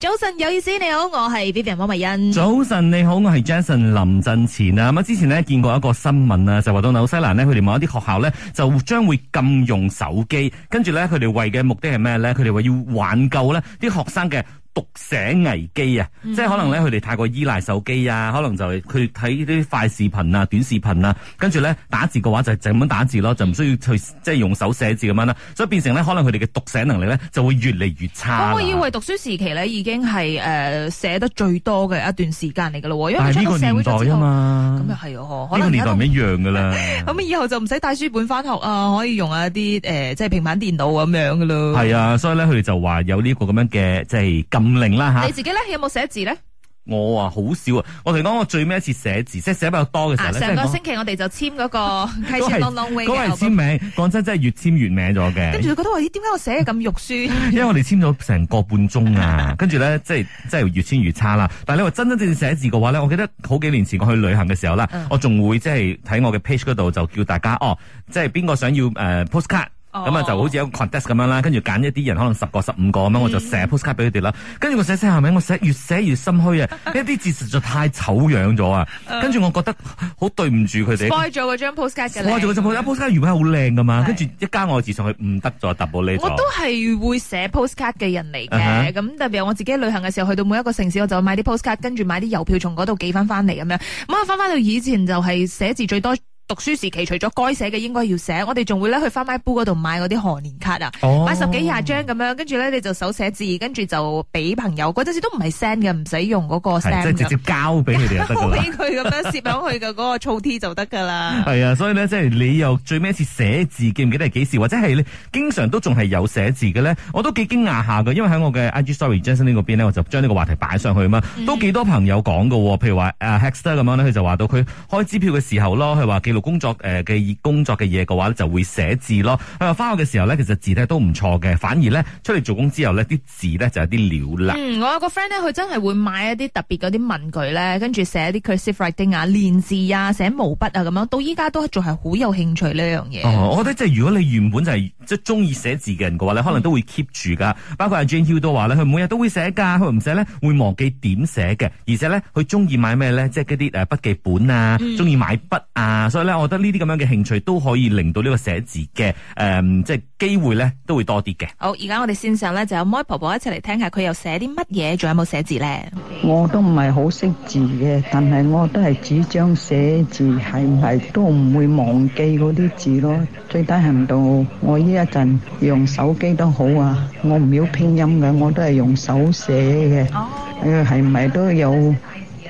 早晨有意思，你好，我係 Vivian 王慧欣。早晨你好，我係 Jason 林振前啊。咁啊，之前呢見過一個新聞啊，就話到紐西蘭呢佢哋某一啲學校呢，就將會禁用手機，跟住咧佢哋為嘅目的係咩咧？佢哋話要挽救呢啲學生嘅。讀寫危機啊，即係可能咧，佢哋太過依賴手機啊、嗯，可能就係佢睇呢啲快視頻啊、短視頻啊，跟住咧打字嘅話就係就咁樣打字咯，就唔需要去即係用手寫字咁樣啦，所以變成呢，可能佢哋嘅讀寫能力呢就會越嚟越差。我我以為讀書時期咧已經係誒寫得最多嘅一段時間嚟噶咯，因為呢個年代啊嘛，咁又係哦，呢、這個年代唔一樣噶啦，咁 以後就唔使帶書本翻學啊，可以用一啲誒即係平板電腦咁樣噶咯。係啊，所以呢，佢哋就話有呢個咁樣嘅即係唔靈啦吓！你自己咧有冇寫字咧？我啊好少啊！我同你講，我最尾一次寫字，即係寫比較多嘅時候咧，啊。上個星期我哋就簽嗰、那個《Keep on Long Way》，嗰係簽名。講真，真係越簽越名咗嘅。跟住佢覺得話：點解我寫咁肉酸？因為我哋簽咗成個半鐘啊！跟住咧，即係即係越簽越差啦。但係你話真真正正寫字嘅話咧，我記得好幾年前我去旅行嘅時候啦、嗯，我仲會即係喺我嘅 page 嗰度就叫大家哦，即係邊個想要誒 postcard。咁、oh。啊，就好似有個 contest 咁樣啦，跟住揀一啲人，可能十個十五個咁樣，我就寫 postcard 俾佢哋啦。跟、嗯、住我寫寫下名，我寫越寫越心虛啊！呢 啲字實在太醜樣咗啊！跟 住我覺得好對唔住佢哋。歪咗嗰張 postcard 嘅。歪咗嗰張 post，c a r d 原本係好靚噶嘛，跟 住一加我字上去，唔得咗，耷冇呢。我都係會寫 postcard 嘅人嚟嘅，咁、uh -huh。特別係我自己旅行嘅時候，去到每一個城市，我就買啲 postcard，跟住買啲郵票從，從嗰度寄翻翻嚟咁樣。咁啊，翻翻到以前就係寫字最多。讀書時期除咗該寫嘅應該要寫，我哋仲會咧去花買鋪嗰度買嗰啲賀年卡啊、哦，買十幾廿張咁樣，跟住咧你就手寫字，跟住就俾朋友。嗰陣時都唔係 send 嘅，唔使用嗰個 send，即係直接交俾佢哋得咗。俾佢咁樣攝 上去嘅嗰個草帖就得噶啦。係啊，所以呢，即係你又最尾一次寫字，記唔記得係幾時？或者係你經常都仲係有寫字嘅咧？我都幾驚訝下嘅，因為喺我嘅 I G Story Jensen 嗰邊呢，我就將呢個話題擺上去嘛，都幾多朋友講嘅。譬如話 Hexter 咁樣咧，佢就話到佢開支票嘅時候咯，佢話記錄。工作誒嘅、呃、工作嘅嘢嘅話就會寫字咯。佢話返學嘅時候咧，其實字咧都唔錯嘅，反而咧出嚟做工之後咧，啲字咧就有啲潦啦、嗯。我有個 friend 咧，佢真係會買一啲特別嗰啲文具咧，跟住寫一啲 cursive writing 啊，練字啊，寫毛筆啊咁樣，到依家都仲係好有興趣呢樣嘢。我覺得即係如果你原本就係即係中意寫字嘅人嘅話咧，可能都會 keep 住噶。包括阿 Jane Hill 都話咧，佢每日都會寫噶，佢唔寫咧會忘記點寫嘅，而且咧佢中意買咩咧，即係嗰啲誒筆記本啊，中、嗯、意買筆啊，所以。咧，我覺得呢啲咁樣嘅興趣都可以令到呢個寫字嘅誒，即係機會咧都會多啲嘅。好，而家我哋線上咧就有妹婆婆一齊嚟聽下，佢又寫啲乜嘢，仲有冇寫字咧？我都唔係好識字嘅，但係我都係主張寫字，係唔係都唔會忘記嗰啲字咯？最低限度我呢一陣用手機都好啊，我唔要拼音嘅，我都係用手寫嘅。哦，係咪都有？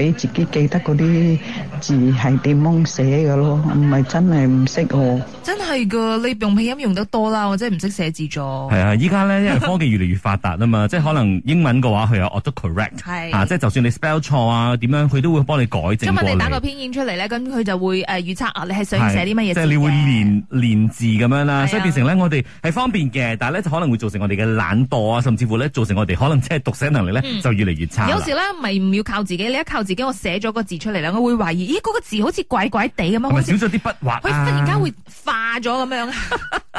你自己記得嗰啲字係點樣寫㗎咯，唔係真係唔識喎。真係噶，你用拼音用得多啦，或者唔識寫字咗。係 啊，依家咧因為科技越嚟越發達啊嘛，即係可能英文嘅話佢有 auto correct、啊、即係就算你 spell 錯啊點樣，佢都會幫你改正你。咁我哋打個拼音出嚟咧，咁佢就會誒預、呃、測啊，你係想要寫啲乜嘢。即係你會練練字咁樣啦、啊，所以變成咧我哋係方便嘅，但係咧就可能會造成我哋嘅懶惰啊，甚至乎咧造成我哋可能即係讀寫能力咧就越嚟越差、嗯。有時咧咪唔要靠自己，你一靠。自己我寫咗個字出嚟啦，我會懷疑，咦、嗰個字好似鬼鬼哋咁樣，好似少咗啲筆畫，佢忽然間會化咗咁樣。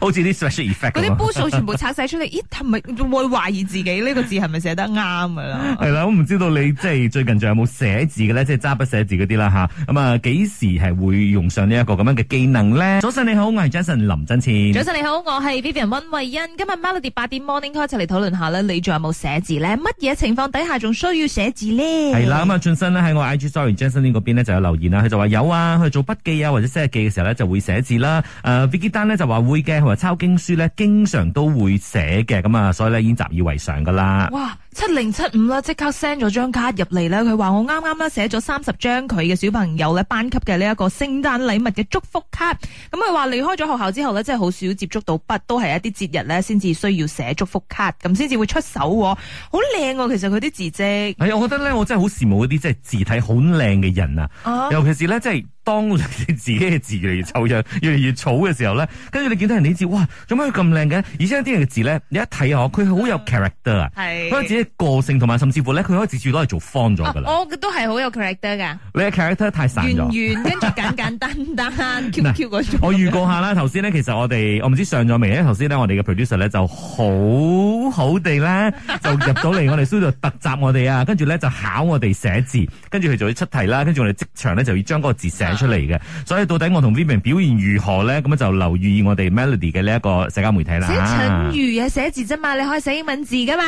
好似啲 special effect，嗰啲波數全部拆晒出嚟， 咦係咪會懷疑自己呢個字係咪寫得啱噶啦？係 啦，我唔知道你即係最近仲有冇寫字嘅咧， 即係揸筆寫字嗰啲啦吓。咁啊，幾時係會用上呢一個咁樣嘅技能咧？早晨你好，我係 Jason 林真千。早晨你好，我係 Vivian 温慧欣。今日 Melody 八點 Morning Call 一齊嚟討論下咧，你仲有冇寫字咧？乜嘢情況底下仲需要寫字咧？係啦，咁啊，最新咧喺我 IG sorry Jason 嗰邊咧就有留言啦，佢就話有啊，去做筆記啊或者寫日記嘅時候咧就會寫字啦、啊。誒、呃、，Vicky Dan 咧就話會。佢話抄經書咧，經常都會寫嘅，咁啊，所以咧已經習以為常噶啦。哇。七零七五啦，即刻 send 咗張卡入嚟咧。佢話我啱啱咧寫咗三十張佢嘅小朋友咧班級嘅呢一個聖誕禮物嘅祝福卡。咁佢話離開咗學校之後咧，真係好少接觸到筆，都係一啲節日咧先至需要寫祝福卡，咁先至會出手。好靚啊，其實佢啲字跡。係啊，我覺得咧，我真係好羨慕嗰啲即係字體好靚嘅人啊。尤其是咧，即係當你自己嘅字越嚟越醜樣， 越嚟越醜嘅時候咧，跟住你見到人哋字，哇，做咩佢咁靚嘅？而且啲人嘅字咧，你一睇下，佢好有 character 啊。係。個性同埋，甚至乎咧，佢可以自住都係做方咗噶啦。我都係好有 character 噶。你嘅 character 太散咗。圓圓，跟住簡簡單單，Q Q 嗰種。我預告下啦，頭先咧，其實我哋我唔知上咗未咧。頭先呢，我哋嘅 producer 咧就好好地咧，就入到嚟我哋 studio 特集我哋啊，跟住咧就考我哋寫字，跟住佢就要出題啦，跟住我哋即場咧就要將嗰個字寫出嚟嘅。所以到底我同 Vivian 表現如何咧？咁就留意我哋 Melody 嘅呢一個社交媒體啦。寫蠢魚係寫字啫嘛，你可以寫英文字噶嘛。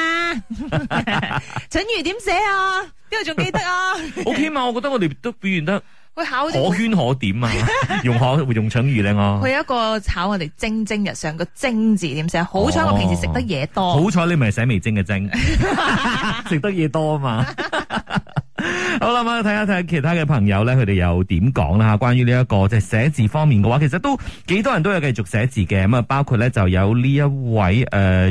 蠢魚點寫啊？邊個仲記得啊？O、okay、K 嘛？我覺得我哋都表現得佢考可圈可點啊！用可會用蠢魚咧我。佢一個考我哋蒸蒸日上個蒸字點寫，啊？哦、好彩我平時食得嘢多。好彩你唔係寫味精嘅蒸，食 得嘢多嘛。 好啦，咁睇下睇下其他嘅朋友咧，佢哋又點講啦，關於呢一個即係寫字方面嘅話，其實都幾多人都有繼續寫字嘅。咁啊，包括咧就有呢一位誒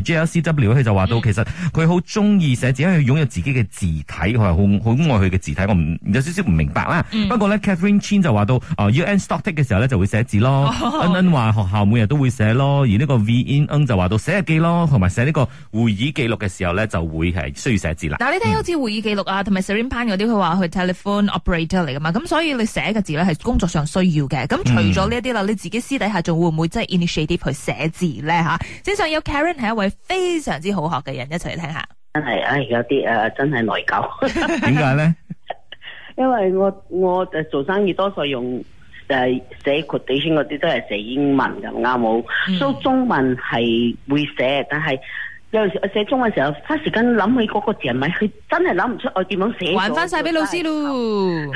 GLCW、呃、佢就話到、嗯、其實佢好中意寫字，因為擁有自己嘅字體，佢係好好愛佢嘅字體。我唔有少少唔明白啦。嗯、不過咧，Catherine Chin 就話到哦，UN stocktake 嘅時候咧就會寫字咯。N N 話學校每日都會寫咯，而呢個 V N N 就話到寫日記咯，同埋寫呢個會議記錄嘅時候咧就會係需要寫字啦。嗱，你睇好似會議記錄啊，同埋 Sarin Pan 佢話去 telephone operator 嚟噶嘛？咁所以你寫個字咧係工作上需要嘅。咁除咗呢一啲啦，你自己私底下仲會唔會即係 initiative 去寫字咧？吓，正上有 Karen 係一位非常之好學嘅人，一齊嚟聽下。真係啊，而家啲誒，真係內疚。點解咧？ 因為我我誒做生意多數用誒寫 quotation 嗰啲都係寫英文咁啱好，所以中文係會寫，但係。有陣時我寫中文嘅時候，花時間諗起嗰個字係咪，佢真係諗唔出我點樣寫。還翻晒俾老師咯。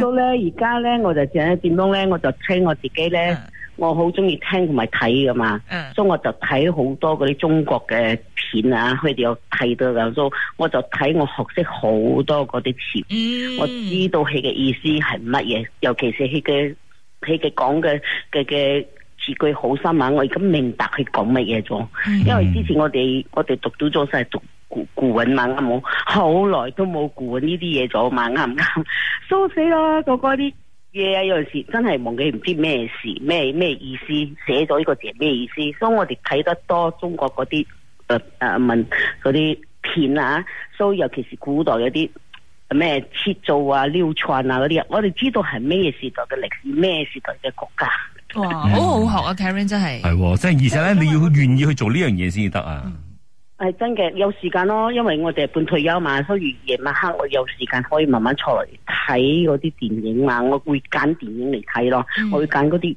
都咧，而家咧我就淨係點樣咧，我就聽我，我自己咧、嗯，我好中意聽同埋睇噶嘛。嗯。所以我就睇好多嗰啲中國嘅片啊，佢哋有睇到咁多，我就睇我學識好多嗰啲詞。嗯。我知道佢嘅意思係乜嘢，尤其是佢嘅佢嘅講嘅嘅嘅。句好新聞，我而家明白佢講乜嘢咗，因為之前我哋我哋讀到咗晒讀古古文嘛啱冇？好耐都冇古呢啲嘢咗嘛啱唔啱？蘇、so, 死啦哥哥啲嘢啊，有陣時真係忘記唔知咩事咩咩意思，寫咗呢個字係咩意思？所以我哋睇得多中國嗰啲誒誒文啲片啊，所、so, 尤其是古代有啲咩建築啊、廟串啊嗰啲，我哋知道係咩時代嘅歷史，咩時代嘅國家。哇，好好學啊 ，Karen 真係係，即係、哦、而且咧，你要願意去做呢樣嘢先至得啊。係真嘅，有時間咯，因為我哋半退休嘛，所以夜晚黑我有時間可以慢慢坐嚟睇嗰啲電影嘛，我會揀電影嚟睇咯，我會揀嗰啲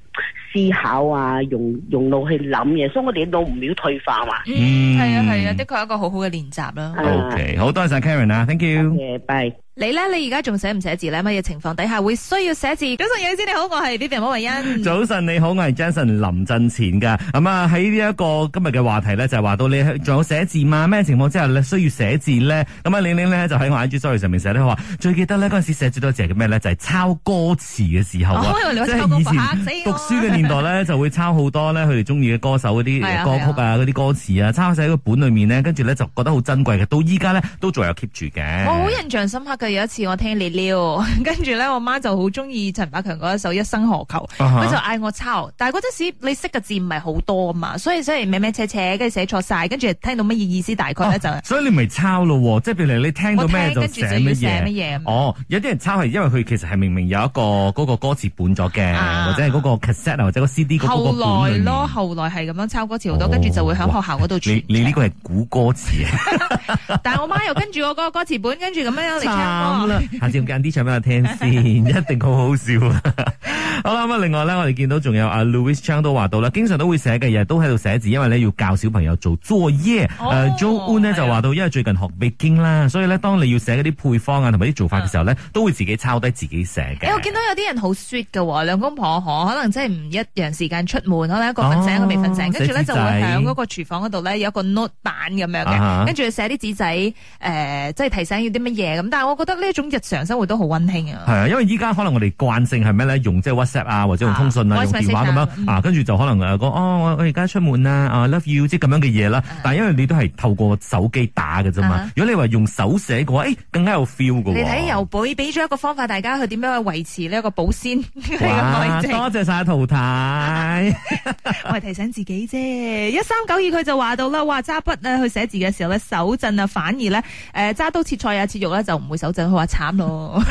思考啊，用用腦去諗嘢，所以我哋腦唔要退化嘛。嗯，係啊係啊，的確係一個好練習 okay, 好嘅練習啦。O K，好多謝 Karen 啊 ，Thank you，拜、okay。你咧，你而家仲寫唔寫字咧？乜嘢情況底下會需要寫字？早晨，楊生你好，我係 B B 莫慧欣。早晨你好，我係 Jensen 林振前噶。咁、嗯、啊，喺呢一個今日嘅話題咧，就係話到你仲有寫字嘛？咩情況之下咧需要寫字咧？咁、嗯、啊，玲玲咧就喺我 I G story 上面寫咧，話最記得呢嗰陣時寫最多字係咩咧？就係、是、抄歌詞嘅時候，即、啊、係、就是、以前讀書嘅年代咧，就會抄好多咧佢哋中意嘅歌手嗰啲歌曲啊，嗰 啲歌詞啊，抄寫喺個本裏面咧，跟住咧就覺得好珍貴嘅。到依家咧都仲有 keep 住嘅。我好印象深刻嘅。有一次我聽你撩，跟住咧我媽就好中意陳百強嗰一首《一生何求》uh-huh，佢就嗌我抄，但係嗰陣時你識嘅字唔係好多啊嘛，所以所以歪歪斜斜，跟住寫錯晒，跟住聽到乜嘢意思大概咧、oh, 就，所以你咪抄咯，即係譬如你聽到咩就寫乜嘢。哦，有啲人抄係因為佢其實係明明有一個嗰、嗰個歌詞本咗嘅、啊，或者係嗰個 cassette 啊或者那個 CD 嗰個本裏邊。後來咯，後來係咁樣抄歌詞好多，跟住就會喺學校嗰度。你呢個係古歌詞、啊， 但係我媽又跟住我嗰個歌詞本，跟住咁樣嚟啦、哦，下次夾啲唱俾我聽先， 一定好好笑, 好啦，咁啊，另外咧，我哋見到仲有阿 Louis Chang 都話到啦，經常都會寫嘅，嘢都喺度寫字，因為咧要教小朋友做作業。Joan 呢就話到，因為最近學 baking 啦，所以呢，當你要寫嗰啲配方啊，同埋啲做法嘅時候呢、嗯，都會自己抄低自己寫嘅、哎。我見到有啲人好 sweet 嘅，兩公婆可可能真係唔一樣時間出門，可能一個瞓醒、哦，一個未瞓醒，跟住呢就會響嗰個廚房嗰度呢，有一個 note 板咁樣嘅，跟住寫啲紙仔，誒，即、呃、係、就是、提醒要啲乜嘢咁。但係我覺得呢一種日常生活都好温馨啊！係啊，因為依家可能我哋慣性係咩咧？用即係 WhatsApp 啊，或者用通訊啊,啊，用電話咁樣 WhatsApp, 啊，跟、嗯、住就可能誒，講哦，我而家出門啦，啊，Love you，即係咁樣嘅嘢啦。但係因為你都係透過手機打㗎啫嘛、嗯。如果你話用手寫嘅話，誒、哎，更加有 feel 喎。你睇郵報俾咗一個方法，大家去點樣去維持呢一個保鮮多謝晒陶太，淘汰 我係提醒自己啫。一三九二，佢就話到啦，哇！揸筆去寫字嘅時候咧，手震啊，反而咧誒，揸、呃、刀切菜啊，切肉咧、啊、就唔會手。就好話慘咯，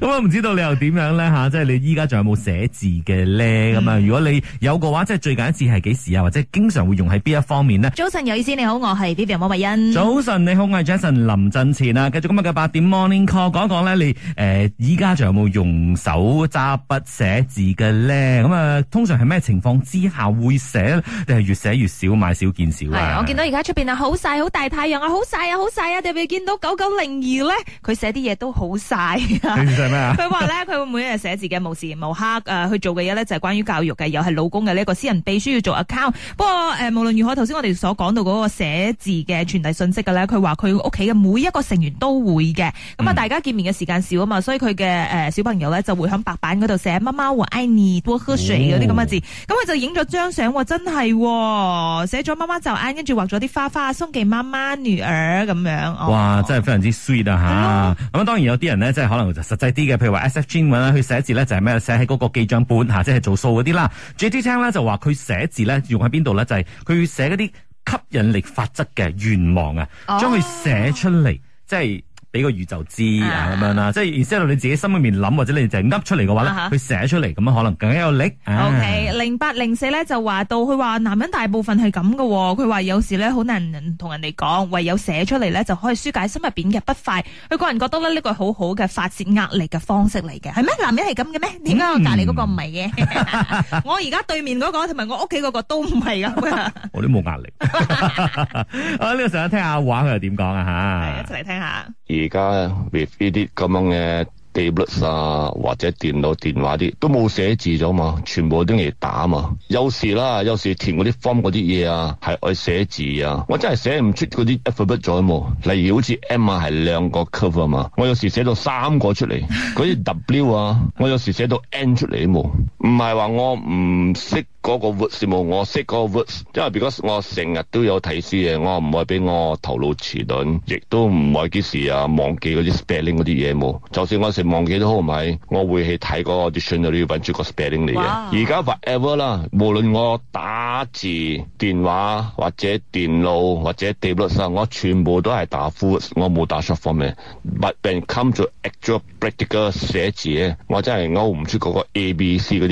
咁我唔知道你又點樣咧吓，即係你依家仲有冇寫字嘅咧咁啊？嗯、如果你有個話，即係最近一次係幾時啊？或者經常會用喺邊一方面呢？早晨有意思你好，我係 Melody 莫慧欣。早晨你好，我係 Jason 林振前啊，繼續今日嘅八點 Morning Call，講一講咧，你誒依家仲有冇用手揸筆寫字嘅咧？咁啊，通常係咩情況之下會寫，定係越寫越少，買少見少？我見到而家出面啊，好曬，好大太陽啊，好曬啊，好曬啊，特別見到九九零，而咧，佢寫啲嘢都好晒，佢寫咩佢話咧，佢 會每日寫字嘅無時無刻誒去、呃、做嘅嘢咧就係關於教育嘅，又係老公嘅呢一個私人秘書要做 account。不過誒、呃，無論如何，頭先我哋所講到嗰個寫字嘅傳遞信息嘅咧，佢話佢屋企嘅每一個成員都會嘅。咁啊，大家見面嘅時間少啊嘛，所以佢嘅誒小朋友咧就會喺白板嗰度寫、哦、媽媽和 annie brushy 嗰啲咁嘅字。咁佢就影咗張相，真係寫咗媽媽就啊，跟住畫咗啲花花送畀媽媽女兒咁樣。哇！真係、哦哦、非常之。吓、啊，咁啊當然有啲人咧，即係可能實際啲嘅，譬如話 S F G 文咧，佢寫字咧就係咩，寫喺嗰個記賬本吓、啊，即係做數嗰啲啦。J T 青咧就話佢寫字咧用喺邊度咧,就係佢寫嗰啲吸引力法則嘅願望啊,將佢寫出嚟，即係。俾個宇宙就知啊，咁樣啦，即係意思喺你自己心裏面諗，或者你就噏出嚟嘅話佢寫、啊、出嚟咁樣可能更加有力。O K，零八零四咧就話到，佢話男人大部分係咁嘅，佢話有時咧好難同人哋講，唯有寫出嚟咧就可以紓解心入邊嘅不快。佢個人覺得呢個好好嘅發泄壓力嘅方式嚟嘅，係咩？男人係咁嘅咩？點解我隔籬嗰個唔係嘅？嗯、 我而家對面嗰、那個同埋我屋企嗰個都唔係噶。 我都冇壓力。 好，呢、這個時候聽一下話佢又點講啊吓？一齊嚟聽下。而家 with 呢啲咁樣嘅 tablet 啊，或者電腦電話啲都冇寫字咗嘛，全部都嚟打嘛。有時啦，有時填嗰啲 form 嗰啲嘢啊，係愛寫字啊。我真係寫唔出嗰啲 alphabet 咗啊嘛。例如好似 M 啊，係兩個 curve 啊嘛。我有時寫到三個出嚟，嗰啲 W 啊，我有時寫到 N 出嚟啊嘛。唔係話我唔識嗰個 words 冇，我識嗰個 words，因為如果我成日都有睇書嘅，我唔會俾我頭腦遲鈍，亦都唔會幾時啊忘記嗰啲 spelling 嗰啲嘢冇。就算我成忘記都好唔係，我會去睇嗰個 dictionary 要揾逐個 spelling 嚟嘅。而家 forever 啦，無論我打字、電話或者電腦或者電腦上，我全部都係打 words，我冇打 short form 嘅。But when come to extra practical 寫字咧，我真係勾唔出嗰個 A、B、C 嗰啲。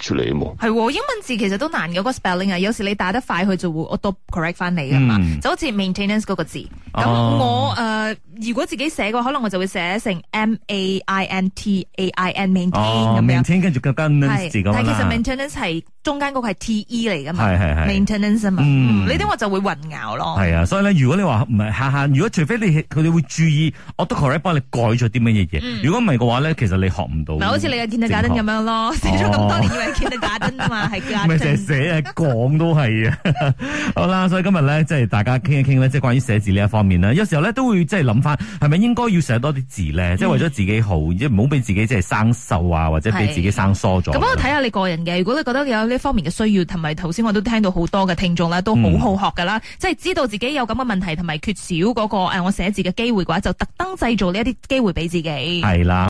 處理冇係英文字其實都難嗰個 spelling 啊，有時你打得快佢就會 auto correct 翻你噶嘛，嗯，就好似 maintenance 嗰個字咁，哦、我誒、呃、如果自己寫嘅話，可能我就會寫成 m a i n t a i n maintain、哦、m a i n t n 跟住個 n a n c e 但其實 maintenance 係中間嗰個係 t e 嚟㗎嘛，係係 maintenance 啊、嗯、嘛，嗯，呢啲我就會混淆咯。係啊，所以咧，如果你話唔係下下，如果除非你佢哋會注意，auto correct 幫你改咗啲乜嘢嘢。如果唔係嘅話咧，其實你學唔到學。好、就、似、是、你嘅天氣假登咁樣咯，寫咗咁多年係假真啊嘛，係假。唔係成日寫啊，講都係啊。 好啦，所以今日咧，即係大家傾一傾咧，即係關於寫字呢一方面啦。有時候咧都會即係諗翻，係咪應該要寫多啲字咧，嗯。即係為咗自己好，而唔好俾自己即係生鏽啊，或者俾自己生疏咗。咁我睇下你個人嘅，如果你覺得你有呢方面嘅需要，同埋頭先我都聽到好多嘅聽眾咧，都好好學噶啦，嗯、即係知道自己有咁嘅問題同埋缺少嗰，嗰個誒、哎，我寫字嘅機會嘅話，就特登製造呢一啲機會俾自己。係啦。